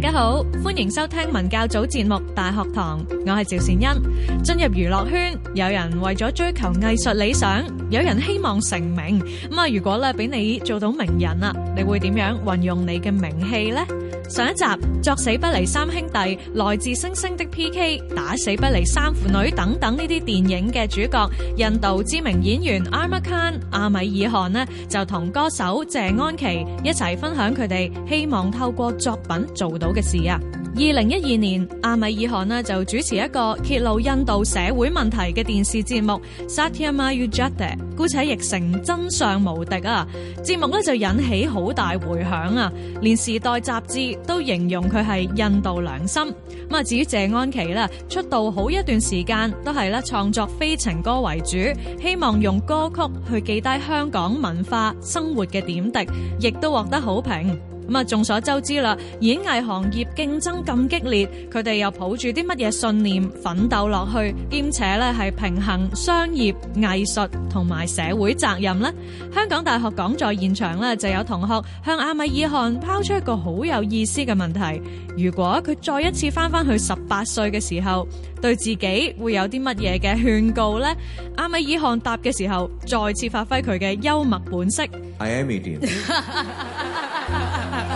大家好，歡迎收聽文教組節目《大學堂》，我係趙善恩。進入娛樂圈，有人為咗追求藝術理想，有人希望成名。咁啊，如果咧俾你做到名人啦，你會點樣運用你嘅名氣呢？上一集《作死不離三兄弟》、《來自星星的 P.K》、《打死不離三父女》等等呢啲電影嘅主角，印度知名演員 Aamir Khan 阿米爾汗呢，就同歌手謝安琪一齊分享佢哋希望透過作品做到嘅事啊！二零一二年，阿米爾汗咧就主持一個揭露印度社會問題嘅電視節目《Satyamev Jayate》，姑且譯成真相無敵啊！節目咧就引起好大回響啊，連《時代》雜誌都形容佢係印度良心。咁啊，至於謝安琪啦，出道好一段時間都係咧創作非情歌為主，希望用歌曲去記低香港文化生活嘅點滴，亦都獲得好評。咁啊，眾所周知啦，演藝行業競爭咁激烈，佢哋又抱住啲乜嘢信念奮鬥落去，兼且咧係平衡商業、藝術同埋社會責任咧？香港大學講座現場咧，就有同學向阿米爾汗拋出一個好有意思嘅問題：如果佢再一次翻翻去十八歲嘅時候，對自己會有啲乜嘢嘅勸告呢？阿米爾汗答嘅時候，再次發揮佢嘅幽默本色。I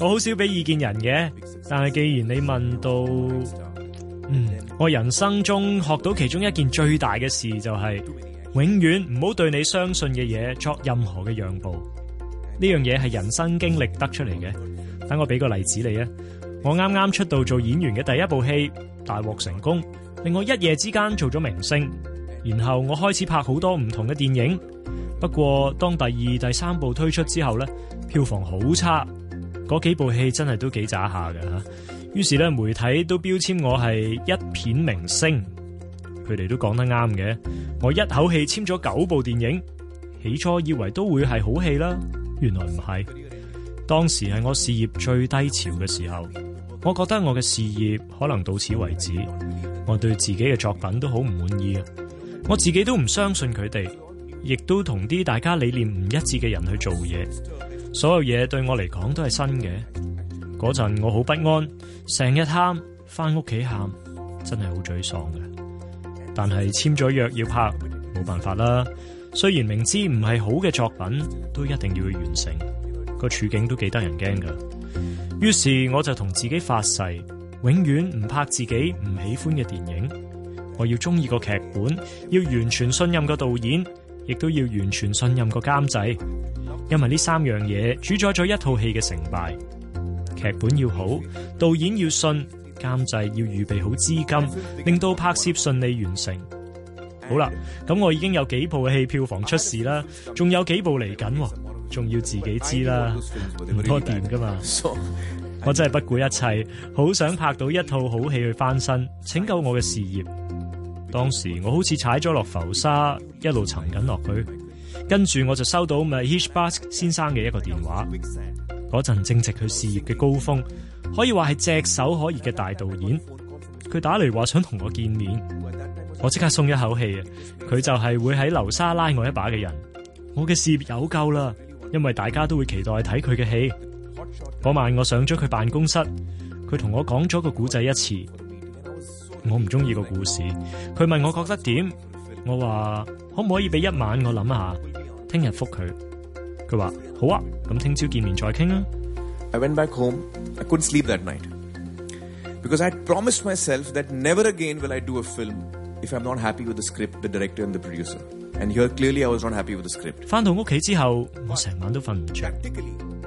我好少俾意見人嘅，但係既然你問到，嗯，我人生中學到其中一件最大嘅事就係永遠唔好對你相信嘅嘢作任何嘅讓步。呢樣嘢係人生經歷得出嚟嘅。等我俾個例子你啊，我啱啱出道做演員嘅第一部戲大獲成功，令我一夜之間做咗明星。然後我開始拍好多唔同嘅電影，不過當第二、第三部推出之後咧，票房好差。嗰幾部戲真係都幾渣下㗎吓，於是咧，媒體都標籤我係一片明星，佢哋都講得啱嘅。我一口氣簽咗九部電影，起初以為都會係好戲啦，原來唔係。當時係我事業最低潮嘅時候，我覺得我嘅事業可能到此為止，我對自己嘅作品都好唔滿意啊，我自己都唔相信佢哋，亦都同啲大家理念唔一致嘅人去做嘢。所有嘢對我嚟講都係新嘅，嗰陣我好不安，成日喊，返屋企喊，真係好沮喪嘅。但係簽咗約要拍，冇辦法啦。雖然明知唔係好嘅作品，都一定要去完成。個處境都幾得人驚㗎。於是我就同自己發誓，永遠唔拍自己唔喜歡嘅電影。我要中意個劇本，要完全信任個導演，亦都要完全信任個監製。因為呢三樣嘢主宰咗一套戲嘅成敗，劇本要好，導演要信，監製要預備好資金，令到拍攝順利完成。好啦，咁我已經有幾部戲票房出事啦，仲有幾部嚟緊，仲要自己知啦，唔多掂㗎嘛。我真係不顧一切，好想拍到一套好戲去翻身，拯救我嘅事業。當時我好似踩咗落浮沙，一路沉緊落去。跟住我就收到咪 Hitchcock，ah，先生嘅一個電話，嗰陣正值佢事業嘅高峰，可以話係只手可熱嘅大導演。佢打嚟話想同我見面，我即刻鬆一口氣啊！佢就係會喺流沙拉我一把嘅人。我嘅事業有救啦，因為大家都會期待睇佢嘅戲。嗰晚我上咗佢辦公室，佢同我講咗個古仔一次，我唔中意個故事，佢問我覺得點，我話。可唔可以俾一晚我諗下？聽日復佢。佢話好啊，咁聽朝見面再傾啊。我翻到屋企之後，我成晚都瞓唔著，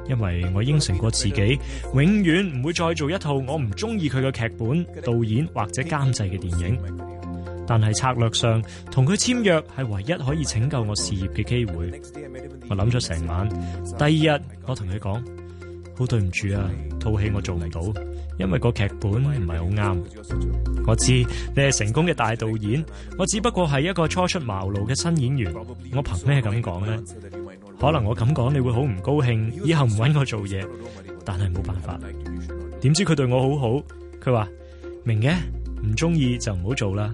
因為我應承過自己，永遠唔會再做一套我唔中意佢嘅劇本、導演或者監製嘅電影。但係策略上同佢簽約係唯一可以拯救我事業嘅機會。我諗咗成晚，第二日我同佢講：好，oh, 對唔住啊，套戲我做唔到，因為個劇本唔係好啱。我知你係成功嘅大導演，我只不過係一個初出茅廬嘅新演員，我憑咩咁講呢？可能我咁講你會好唔高興，以後唔揾我做嘢，但係冇辦法。點知佢對我好好，佢話明嘅，唔中意就唔好做啦。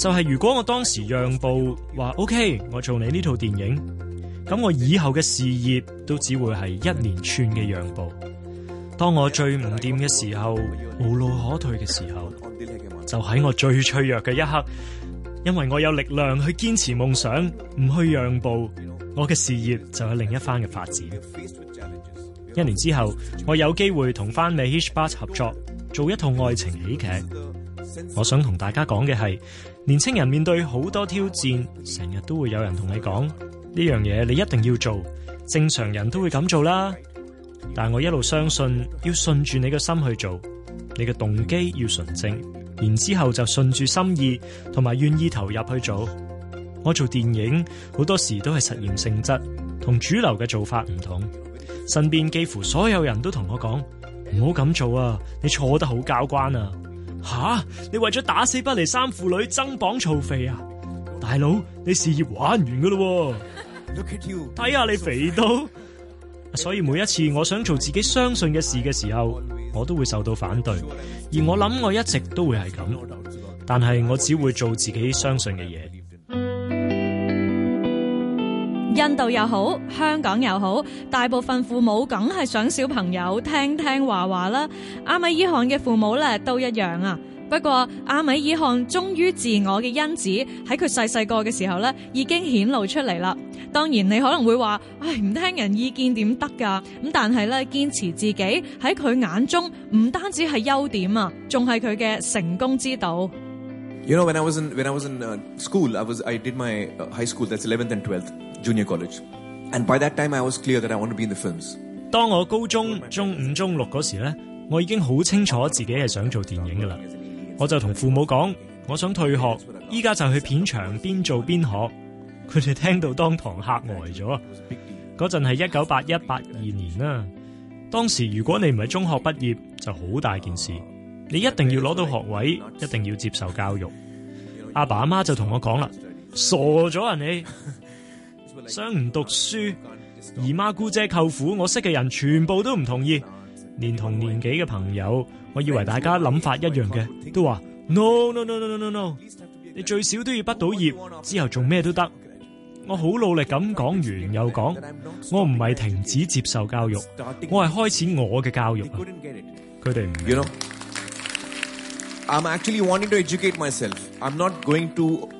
就係如果我當時讓步，話 OK，我做你呢套電影，咁我以後嘅事業都只會係一連串嘅讓步。當我最唔掂嘅時候，無路可退嘅時候，就喺我最脆弱嘅一刻，因為我有力量去堅持夢想，唔去讓步，我嘅事業就有另一番嘅發展。一年之後，我有機會同返 Mahesh Bhatt 合作，做一套愛情喜劇。我想同大家講嘅係，年輕人面對好多挑戰，成日都會有人同你講呢樣嘢，你一定要做，正常人都會咁做啦。但我一路相信，要順住你嘅心去做，你嘅動機要純正，然之後就順住心意同埋願意投入去做。我做電影好多時都係實驗性質，同主流嘅做法唔同。身邊幾乎所有人都同我講唔好咁做啊，你錯得好交關啊。吓！你為咗打死不離三父女增磅儲肥啊！大佬，你事業玩完噶咯！睇下 你肥到，所以每一次我想做自己相信嘅事嘅時候，我都會受到反對，而我諗我一直都會係咁，但係我只會做自己相信嘅嘢。印度又好，香港又好，大部分父母梗係想小朋友聽聽話話啦。阿米爾汗嘅父母咧，都一樣啊。不過阿米爾汗忠於自我嘅因子喺佢細細個嘅時候咧已經顯露出嚟啦。當然你可能會話，唉，唔聽人意見點得噶？咁但係咧，堅持自己喺佢眼中唔單止係優點啊，仲係佢嘅成功之道。You know when I was in when I was in, uh, school, I was I did my high school that's eleventh and twelfth. j 當我高中中五中六嗰時咧，我已經好清楚自己係想做電影噶啦。我就同父母講，我想退學，依家就去片場邊做邊學。佢哋聽到當堂嚇呆咗。嗰陣係一九八一八二年啦。當時如果你唔係中學畢業，就好大件事。你一定要攞到學位，一定要接受教育。阿爸阿媽就同我講啦：傻咗啊你！ 想唔讀書，姨媽、姑姐、舅父，我識嘅人全部都唔同意，連同年紀嘅朋友，我以為大家諗法一樣嘅，都話 no no no no no no，你最少都要畢到業，之後做咩都得。我好努力咁講完又講，我唔係停止接受教育，我係開始我嘅教育啊！佢哋唔。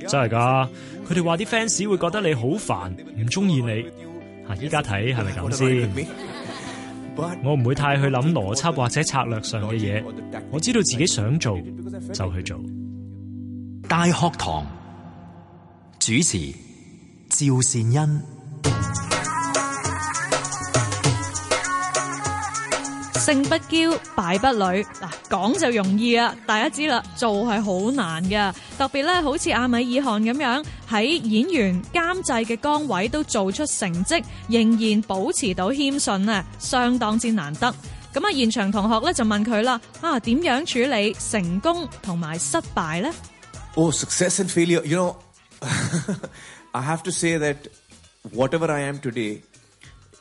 真係噶，佢哋話啲 fans 會覺得你好煩，唔中意你。吓，依家睇係咪咁先？ 我唔會太去諗邏輯或者策略上嘅嘢，我知道自己想做就去做。大學堂主持趙善恩。勝不驕，敗不餒。嗱、啊，講就容易啊，大家知啦，做係好難嘅。特別咧，好似阿米爾汗咁樣喺演員監製嘅崗位都做出成績，仍然保持到謙遜啊，相當之難得。咁啊，現場同學咧就問佢啦：啊，點樣處理成功同埋失敗咧？哦、oh,success and failure. You know, I have to say that whatever I am today.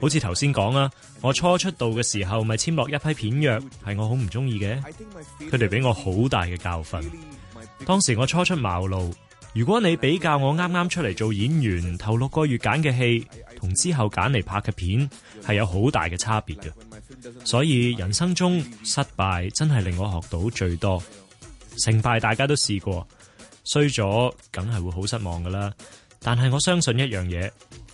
好似頭先講啊，我初出道嘅時候咪簽落一批片約，係我好唔中意嘅，佢哋俾我好大嘅教訓。當時我初出茅廬，如果你比較我啱啱出嚟做演員頭六個月揀嘅戲，同之後揀嚟拍嘅片，係有好大嘅差別嘅。所以人生中失敗真係令我學到最多，成敗大家都試過，衰咗梗係會好失望噶啦。但係我相信一樣嘢。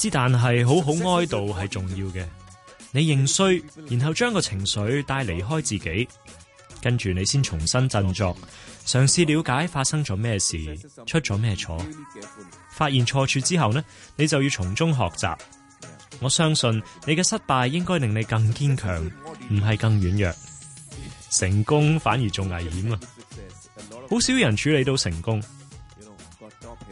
之，但係好好哀悼係重要嘅。你認衰，然後將個情緒帶離開自己，跟住你先重新振作，嘗試了解發生咗咩事，出咗咩錯，發現錯處之後呢，你就要從中學習。我相信你嘅失敗應該令你更堅強，唔係更軟弱。成功反而仲危險啊！好少人處理到成功。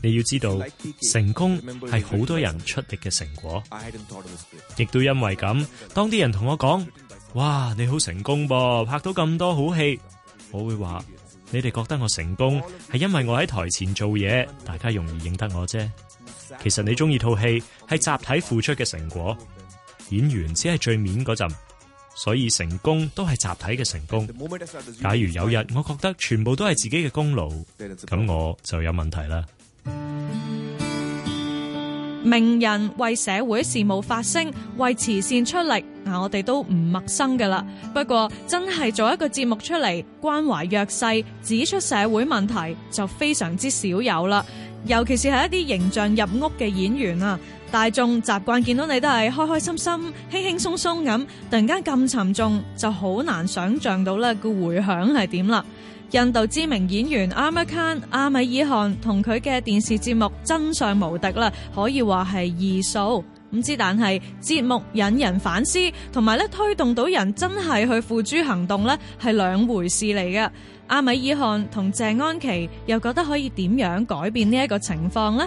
你要知道，成功係好多人出力嘅成果，亦都因為咁。當啲人同我講：哇，你好成功噃，拍到咁多好戲。我會話你哋覺得我成功係因為我喺台前做嘢，大家容易認得我啫。其實你中意套戲係集體付出嘅成果，演員只係最面嗰陣，所以成功都係集體嘅成功。假如有日我覺得全部都係自己嘅功勞，咁我就有問題啦。名人為社會事務發聲，為慈善出力，嗱，我哋都唔陌生噶啦。不過真係做一個節目出嚟，關懷弱勢，指出社會問題，就非常之少有啦。尤其是係一啲形象入屋嘅演員啊，大眾習慣見到你都係開開心心、輕輕鬆鬆咁，突然間咁沉重，就好難想象到呢個回響係點啦。印度知名演員 an, Aamir Khan 阿米爾汗同佢嘅電視節目《真相無敵》啦，可以話係異數。唔知但係節目引人反思，同埋咧推動到人真係去付諸行動咧，係兩回事嚟嘅。阿米爾汗同謝安琪又覺得可以點樣改變呢一個情況咧？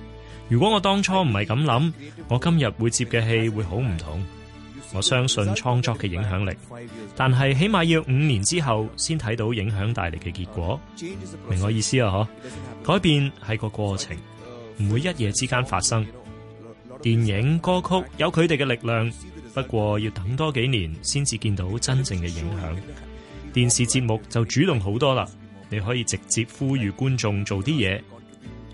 如果我當初唔係咁諗，我今日會接嘅戲會好唔同。我相信創作嘅影響力，但係起碼要五年之後先睇到影響帶嚟嘅結果。明我意思啊？嗬，改變係個過程，唔會一夜之間發生。電影、歌曲有佢哋嘅力量，不過要等多幾年先至見到真正嘅影響。電視節目就主動好多啦，你可以直接呼籲觀眾做啲嘢。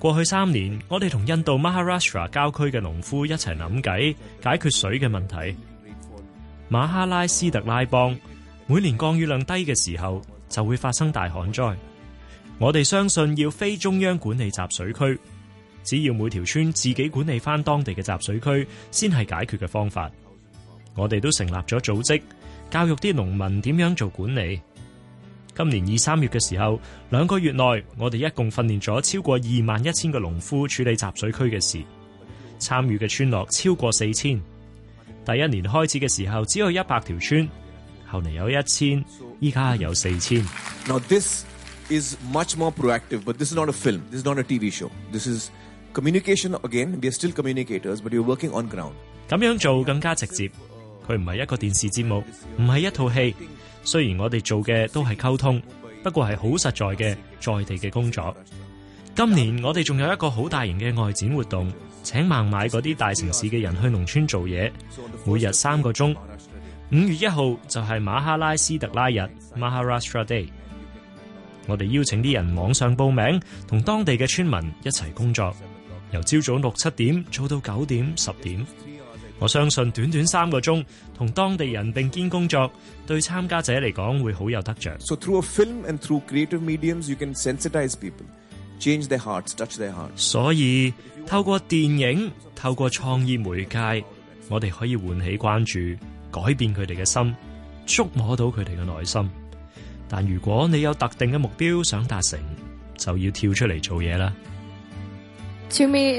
過去三年，我哋同印度 Maharashtra 郊區嘅農夫一齊諗計解決水嘅問題。馬哈拉斯特拉邦每年降雨量低嘅時候就會發生大旱災。我哋相信要非中央管理集水區，只要每條村自己管理翻當地嘅集水區，先係解決嘅方法。我哋都成立咗組織，教育啲農民點樣做管理。今年二三月嘅時候，兩個月內我哋一共訓練咗超過二萬一千個農夫處理集水區嘅事，參與嘅村落超過四千。第一年開始嘅時候只有一百條村，後嚟有一千，依家有四千。Now, this is much more proactive, but this is not a film, this is not a TV show. This is communication again. We are still communicators, but you're working on ground. 咁樣做更加直接，佢唔係一個電視節目，唔係一套戲。雖然我哋做嘅都係溝通，不過係好實在嘅在地嘅工作。今年我哋仲有一個好大型嘅外展活動，請盲買嗰啲大城市嘅人去農村做嘢，每日三個鐘。五月一號就係馬哈拉斯特拉日 m a h a r a s r a Day），我哋邀請啲人網上報名，同當地嘅村民一齊工作，由朝早六七點做到九點十點。我相信短短三個鐘同當地人並肩工作，對參加者嚟講會好有得着。所以透過電影、透過創意媒介，我哋可以喚起關注，改變佢哋嘅心，觸摸到佢哋嘅內心。但如果你有特定嘅目標想達成，就要跳出嚟做嘢啦。To me,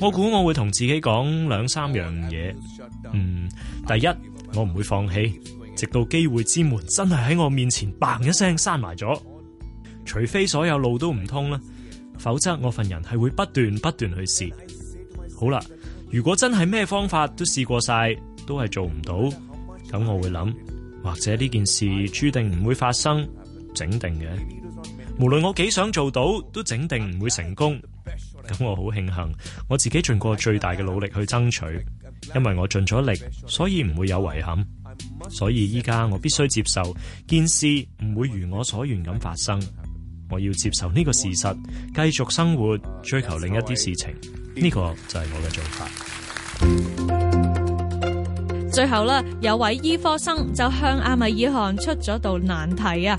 我估我會同自己講兩三樣嘢，嗯，第一，我唔會放棄，直到機會之門真係喺我面前，砰一聲閂埋咗，除非所有路都唔通啦，否則我份人係會不斷不斷去試。好啦，如果真係咩方法都試過晒，都係做唔到，咁我會諗，或者呢件事注定唔會發生，整定嘅。無論我幾想做到，都整定唔會成功。咁我好慶幸，我自己盡過最大嘅努力去爭取，因為我盡咗力，所以唔會有遺憾。所以依家我必須接受，件事唔會如我所願咁發生。我要接受呢個事實，繼續生活，追求另一啲事情。呢個就係我嘅做法。最後啦，有位醫科生就向阿米爾汗出咗道難題啊！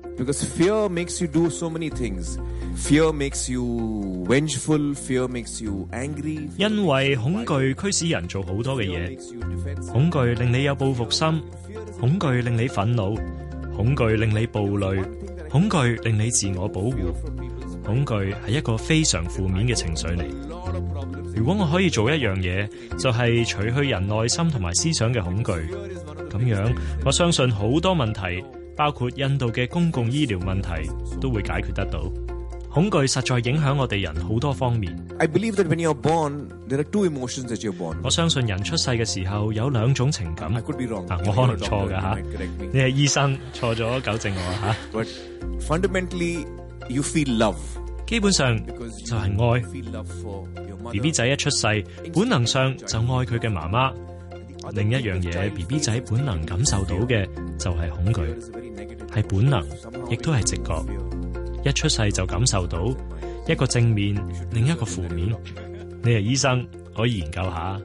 因為恐懼驅使人做好多嘅嘢，恐懼令你有報復心，恐懼令你憤怒，恐懼令你暴戾，恐懼令你自我保護，恐懼係一個非常負面嘅情緒嚟。如果我可以做一樣嘢，就係、是、除去人內心同埋思想嘅恐懼，咁樣，我相信好多問題。包括印度嘅公共醫療問題都會解決得到。恐懼實在影響我哋人好多方面。Born, 我相信人出世嘅時候有兩種情感。我可能錯噶吓，你係醫生，錯咗糾正我吓。但、啊、係， 基本上 Because 就係愛。BB 仔一出世，本能上就愛佢嘅媽媽。另一樣嘢，B B 仔本能感受到嘅就係恐懼，係本能，亦都係直覺。一出世就感受到一個正面，另一個負面。你係醫生，可以研究下。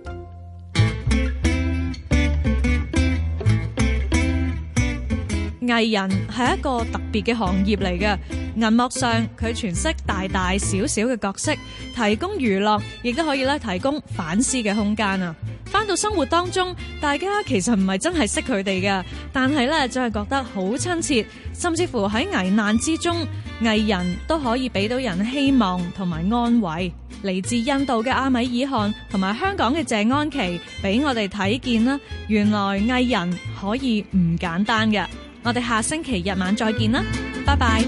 藝人係一個特別嘅行業嚟嘅，銀幕上佢詮釋大大小小嘅角色，提供娛樂，亦都可以咧提供反思嘅空間啊。翻到生活當中，大家其實唔係真係識佢哋嘅，但係咧，就係覺得好親切，甚至乎喺危難之中，藝人都可以俾到人希望同埋安慰。嚟自印度嘅阿米爾汗同埋香港嘅謝安琪，俾我哋睇見啦，原來藝人可以唔簡單嘅。我哋下星期日晚再見啦，拜拜。